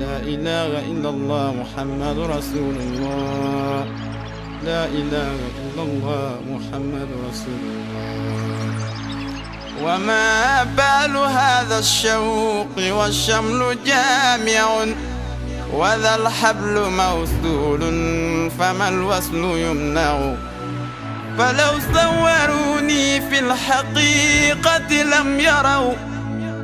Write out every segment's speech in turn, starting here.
لا إله إلا الله محمد رسول الله لا إله إلا الله محمد رسول الله وما بال هذا الشوق والشمل جامع وذا الحبل موصول فما الوصل يمنع فلو صوروني في الحقيقة لم يروا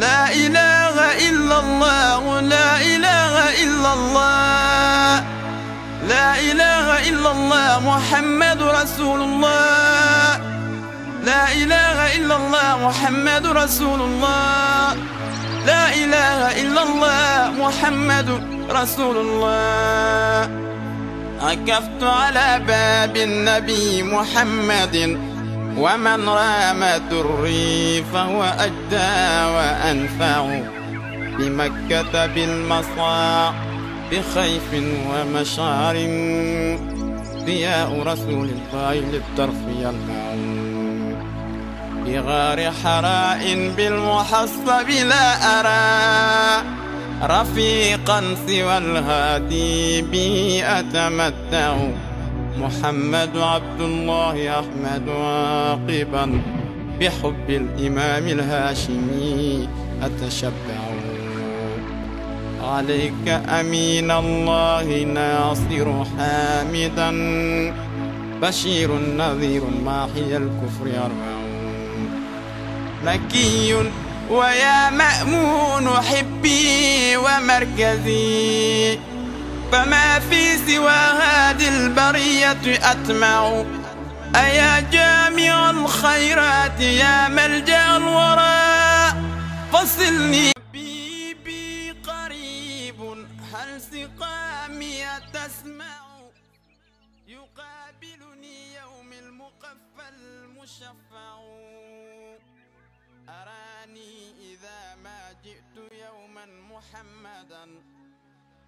لا إله إلا الله لا إله إلا الله لا إله إلا الله محمد رسول الله لا إله إلا الله محمد رسول الله لا إله إلا الله محمد رسول الله عكفت على باب النبي محمد ومن رام دري فهو أجدى وأنفع بمكة بالمصاع بخيف ومشعر ضياء رسول الله للطرف يلمع بغار حراء بالمحصب لا أرى رفيقا سوى الهادي بي أتمتع محمد عبد الله أحمد عاقبا بحب الإمام الهاشمي أتشبع عليك أمين الله ناصر حامدا بشير نذير ماحي الكفر أربع مكي ويا مأمون حبي ومركزي فما في سوى هذه البرية أتمع أيا جامع الخيرات يا ملجأ الوراء فصلني حبيبي قريب هل سقامي تسمع يقابلني يوم المقفى المشفع أراني إذا ما جئت يوما محمدا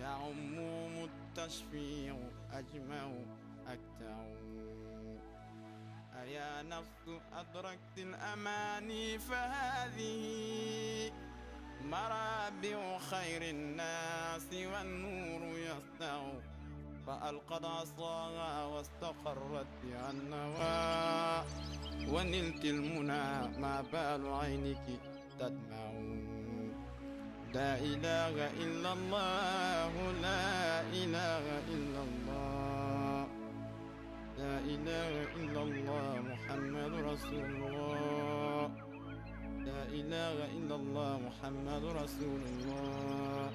يعموم التشفيع أجمع أكتع أيا نفس أدركت الأماني فهذه مرابع خير الناس والنور يسطع فألقد عصاها واستقرت بها النوى ونلت المنى ما بال عينك تدمع لا إله إلا الله لا إله إلا الله لا إله إلا الله محمد رسول الله لا إله إلا الله محمد رسول الله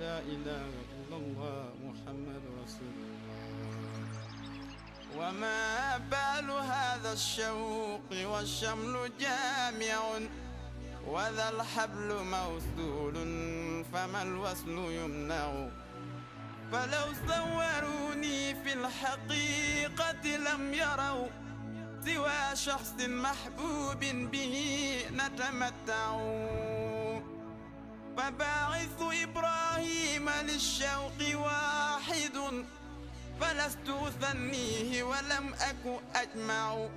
لا إله إلا الله محمد رسول الله وما بال هذا الشوق والشمل جامع وذا الحبل موصول فما الوصل يمنع فلو صوروني في الحقيقة لم يروا سوى شخص محبوب به نتمتع فباعث إبراهيم للشوق واحد فلست أثنيه ولم أك أجمع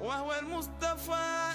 وهو المصطفى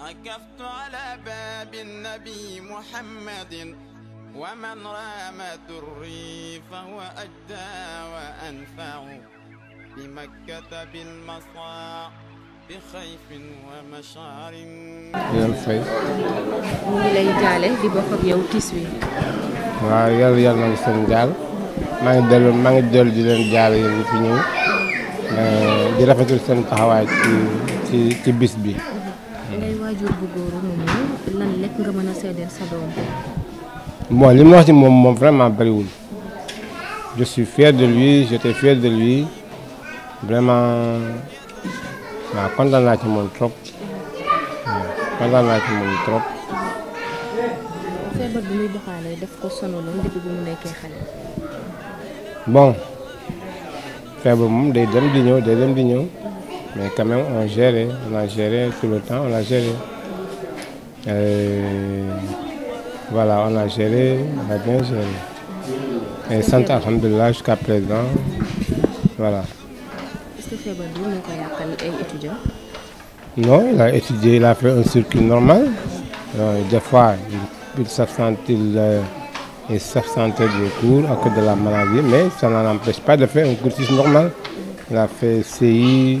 عكفت على باب النبي محمد ومن رام دري فهو أجدى وأنفع بمكة بالمصاع بخيف ومشعر lay jaale di bokk ak yow tiis wi waaw yàlla yàlla na seen jaal maa ngi dellu maa ngi dellu di leen jaale yéen ñi fi ñëw eh, di rafetul seen taxawaay ci ci ci bis bi ngay waajur bu góor moomu lan lekk nga mën a seedeel sa doom. bon li ma wax ci moom moom vraiment bariwul je suis fier de lui j'étais fier de lui vraiment waaw kontaan ci moom trop waaw kontaan naa trop. feebar bi muy doxalee daf ko sonaloon depuis bi mu nekkee xale. bon feebar moom day dem di ñëw day dem di ñëw. Mais quand même, on gérait, on a géré tout le temps, on a géré. Et voilà, on a géré, on a bien géré. Et sant alhamdulillah jusqu'à présent, voilà. Non, il a étudié, il a fait un circuit normal. Donc, fois, il, il s'absentait et euh, s'absentait à cause de la maladie, mais ça n'en pas de faire un cursus normal. Il a fait CI.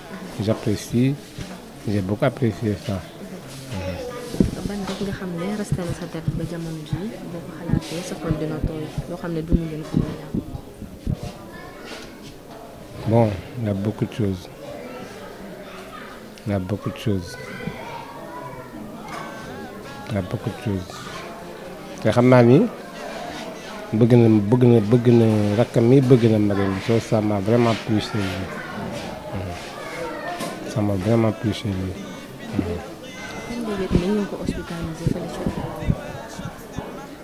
j'apprécie j'ai beaucoup apprécié ça. boo ko xalaatee sa xol dina tooy loo xam ne duñu leen ko bon il y a beaucoup de choses il y a beaucoup de choses il te xam naa ni bëgg na bëgg na bëgg na rakk mi bëgg na magam soo ça m'a vraiment plu ça m'a vraiment plu chez lui.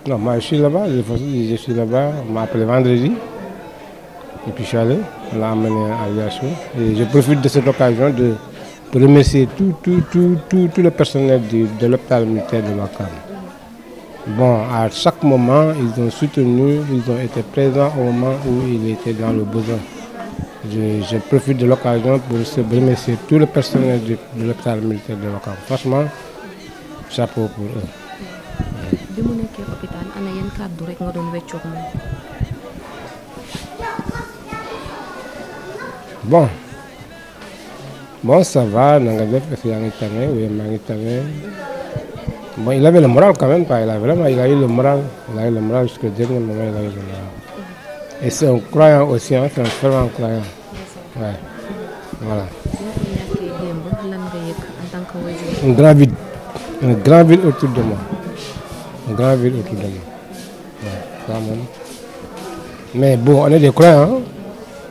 Non, moi je suis là je suis là-bas, on je suis allé, on l'a amené à Yasso. je profite de cette occasion de, de tout, tout, tout, tout, tout le personnel de, de militaire de Wakam. Bon, à chaque moment, ils ont soutenu, ils ont été présents au moment où il était dans le besoin. Je, je, de l'occasion pour remercier tout le personnel de, de l'hôpital militaire de Wakam. Franchement, chapeau pour eux. bi mu nekkee hôpital ana yan kàddu rek nga doon weccoog bon bon ça va na nga def est-ce que bon il avait le moral quand même il a vraiment a eu le moral il a eu moral jusqu'au dernier moment a moral. Et c'est un croyant aussi, hein, croyant. grand vide. autour de moi. Un grand vide autour de moi. Ouais. Ça, moom. Mais bon, on est des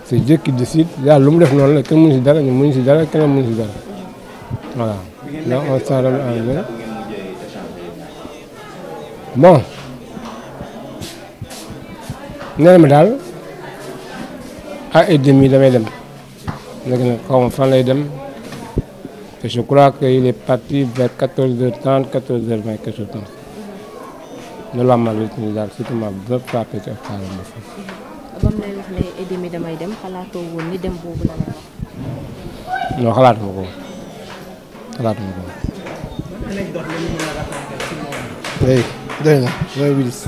C'est Dieu qui décide. Yàlla lu mu def la kenn mënu si dara ñu mënu si dara kenn mënu si dara. Bon. nee ma daal à ah, et damay dem léegi nag xaw fan lay dem je crois que il est parti vers 14h30 14h20 quelque chose comme loolu am daal surtout ma frappé ci hôpital ma fa. ba mu lay wax ne et demi damay dem xalaatoo woon ni dem boobu la la wax. non ko woon xalaatu ko woon. léegi doy na 5 minutes.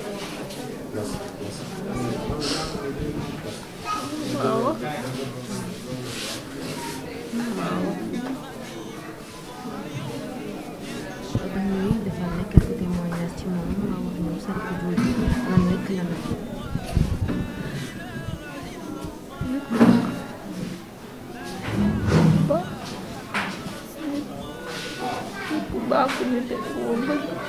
waaw waaw ñuy defal na quelques témoignages ci moom nga wax moom sant bi lan rekk la nag nit ku baax nit ku baax nit ku bëgg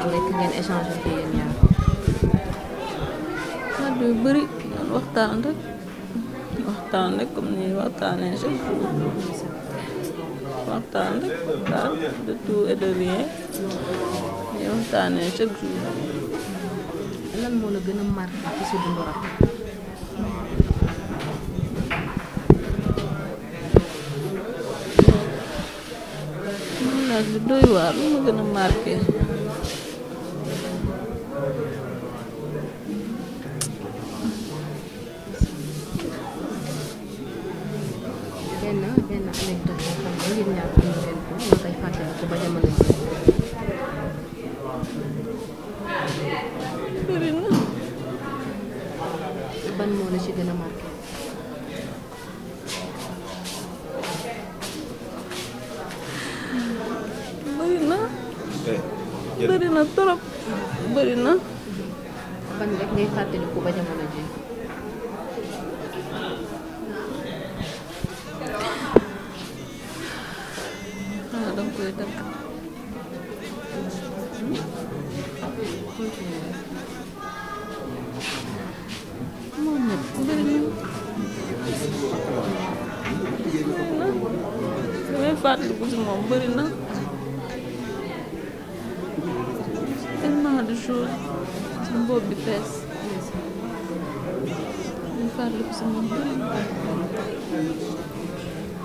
kàddu rek ngeen échanger ko yéen ñaar kàddu yu bëri ngeen waxtaan rek waxtaan rek comme ni waxtaanee chaque jour waxtaan rek daal de tout et ni waxtaanee chaque jour lan moo la gën a marqué ban moo la ci gën a marqué. bëri na. bëri na trop bëri na. ban rek ngay fàttaliku ba jamono ji. koy dëkk moom nag beneen damay fàttaliku si moom bëri na tellement de choses su mbopp bi fees damay fàttaliku si moom bëri na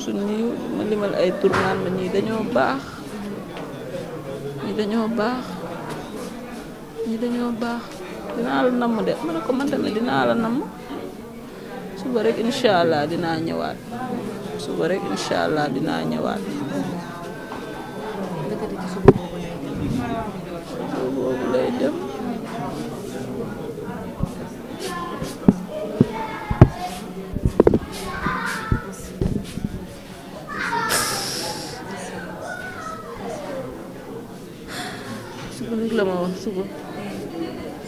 suñ suñ ma limal ay tur naan ma ñii dañoo baax ñii dañoo baax ñii dañoo baax dinaa la namm de ma ne ko man tamit dinaa la namm suba rek incha allah dinaa ñëwaat suba rek incha allah dinaa ñëwaat. boobu lay dem. la ma wax suba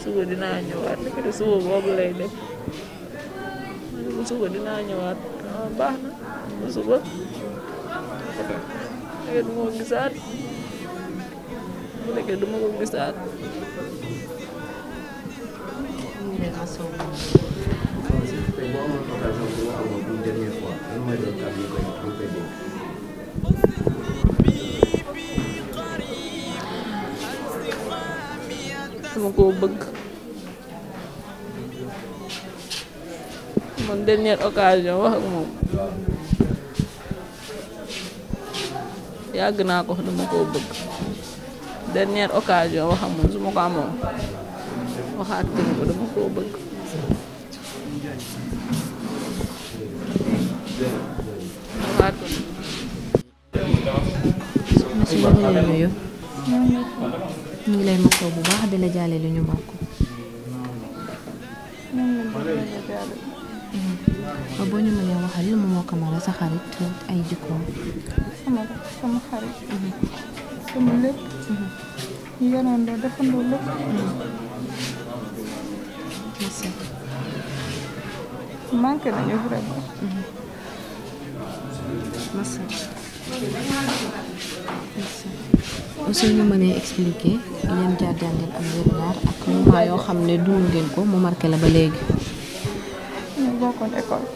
suba dinaa ñëwaat dëgg de suba boobu lay def ma ne ko suba dinaa ñëwaat ah baax na ba suba léegi du ma ko gisaat bu nekkee du ma ko ma koo bëgg man dernière occasion wax ak moom yàgg naa ko dama koo bëgg dernière occasion wax ak moom su ma ko amoon waxaat ko ko dama koo bëgg waxaat ko su ma ko ñu ngi lay mokkoo bu baax di la jaale li ñu bokk. waaw boo moo kamara sa xarit ay jikkoom. sama sama xarit. Mm-hmm. sama lépp. Mm-hmm. ñu nañu vraiment. merci. merci. soo ñu mënee expliquer yan jaar-jaar am yéen ñaar ak moment yoo xam ne dund ngeen ko mu marqué la ba léegi. ñu bokkoon école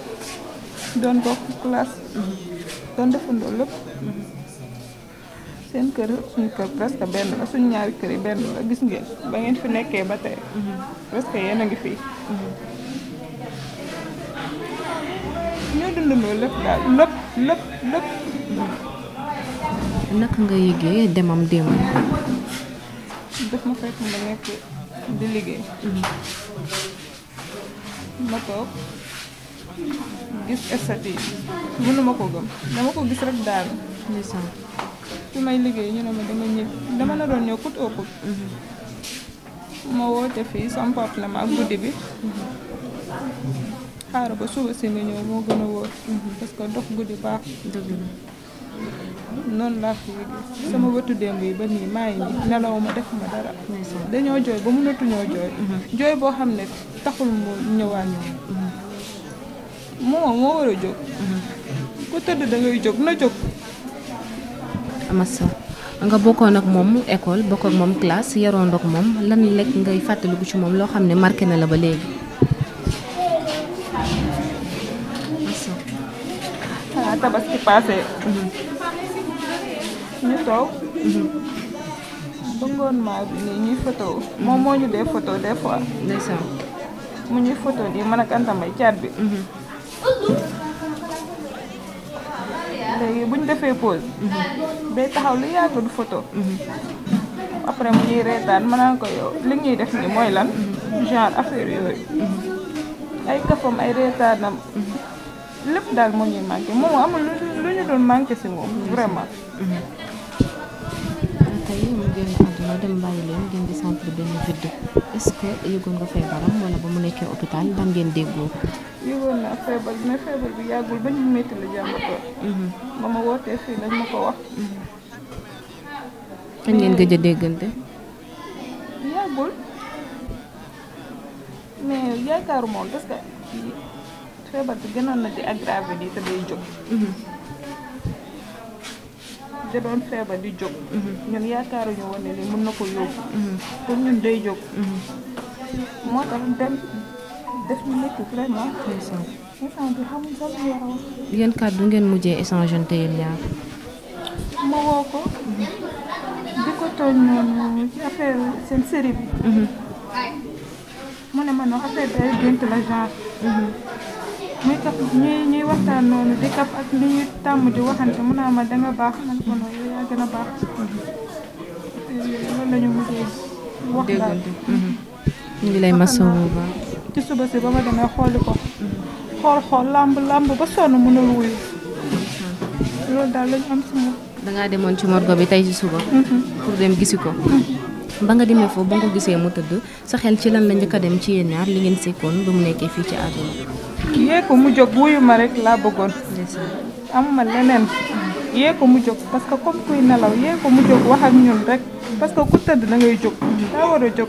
doon bokk classe doon defandoo lépp seen kër suñu kër presque benn la suñu ñaari kër yi benn la gis ngeen ba ngeen fi nekkee ba tey presque yéen a ngi fii ñoo dund loolu daal lépp lépp naka nga yëgee demam démb. daf ma fekk ma nekk di liggéey. ma toog gis estat mënuma ko gëm dama ko gis rek daal. ndeysaan. may liggéey ñu ne ma dama ñëw dama na doon ñëw kut oo kut. ma woote fii sama papa ma ak guddi bi. Mhm. xaaral ba suba si nga ñëw moo gën a wóor. Mhm. parce que dox guddi baax. dëgg la. noonu laa fi sama wëtu démb yi ba nii maa nii nelaw ma def ma dara. dañoo jooy ba mënatuñoo jooy. Mhm. jooy boo xam ne taxul mu ñëwaat ñëw. Mhm. moo moo war a jóg. Mhm. ku tëdd da ngay jóg na jóg. Amasa nga bokkoon ak moom école bokk ak moom classe yaroon ak moom lan lekk ngay fàttaliku ci moom loo xam ne marqué na la ba léegi. ah tabaski passé ñu toog ba ngoon maa bi nii ñuy photo moom moo ñu dee photo des fois ndeysaan mu ñuy photo nii man ak antamay caat bi mhm. léegi bu ñu defee pause mhm. day taxaw lu yàgg du photo mhm. après mu ñuy reetaan ma naan ko yow li ñuy def nii mooy lan genre affaire yooyu ay kafam ay reetaanam lépp daal moo ñuy manqué moom amul lu ñu doon manqué si moom vraiment. tey mu génn àdduna dem bàyyi leen ngeen di centre benn vide est-ce que yëgoon nga feebaram wala ba mu nekkee hôpital daan ngeen déggoo. yëgoon naa feebar bi mais feebar bi yàggul ba ñu métti la jàmbatoo. Mhm. ba ma wootee fii dañ ma ko wax. kañ ngeen gëj a déggante. yàggul mais yaakaaruma woon parce feebar bi gënoon na di aggravé di te day jóg da mhm. doon feebar di jóg mhm. ñun yaakaaruñu woon ni mën na ko yóbbu mhm. pour ñun day jóg moo kàddu ngeen mujjee échange te ko di ko tooñ ci affaire seen série bi mu ne ma non affaire day gént la genre muy tax ñuy ñuy waxtaan noonu di kaf ak li ñuy tàmm di waxante mun naa ma danga baax man ko noonu yaa gën a baax loolu la ñu wax mm-hmm. ngi lay masoo ba xool xool làmb làmb ba mm-hmm. loolu daal lañu am si moom dangaa demoon ci morgue bi tey ci suba mm-hmm. pour dem gisi ko ba nga demee foofu ba nga gisee mu tëdd sa xel ci lan la njëkk dem ci yéen ñaar li ngeen sekkoon ba mu nekkee fii ci àdduna yée ko mu jóg wuyu ma rek laa bëggoon amuma leneen yee ko mu jóg parce que comme kuy nelaw yee ko mu jóg wax ak ñun rek parce que ku tëdd na ngay jóg daa war a jóg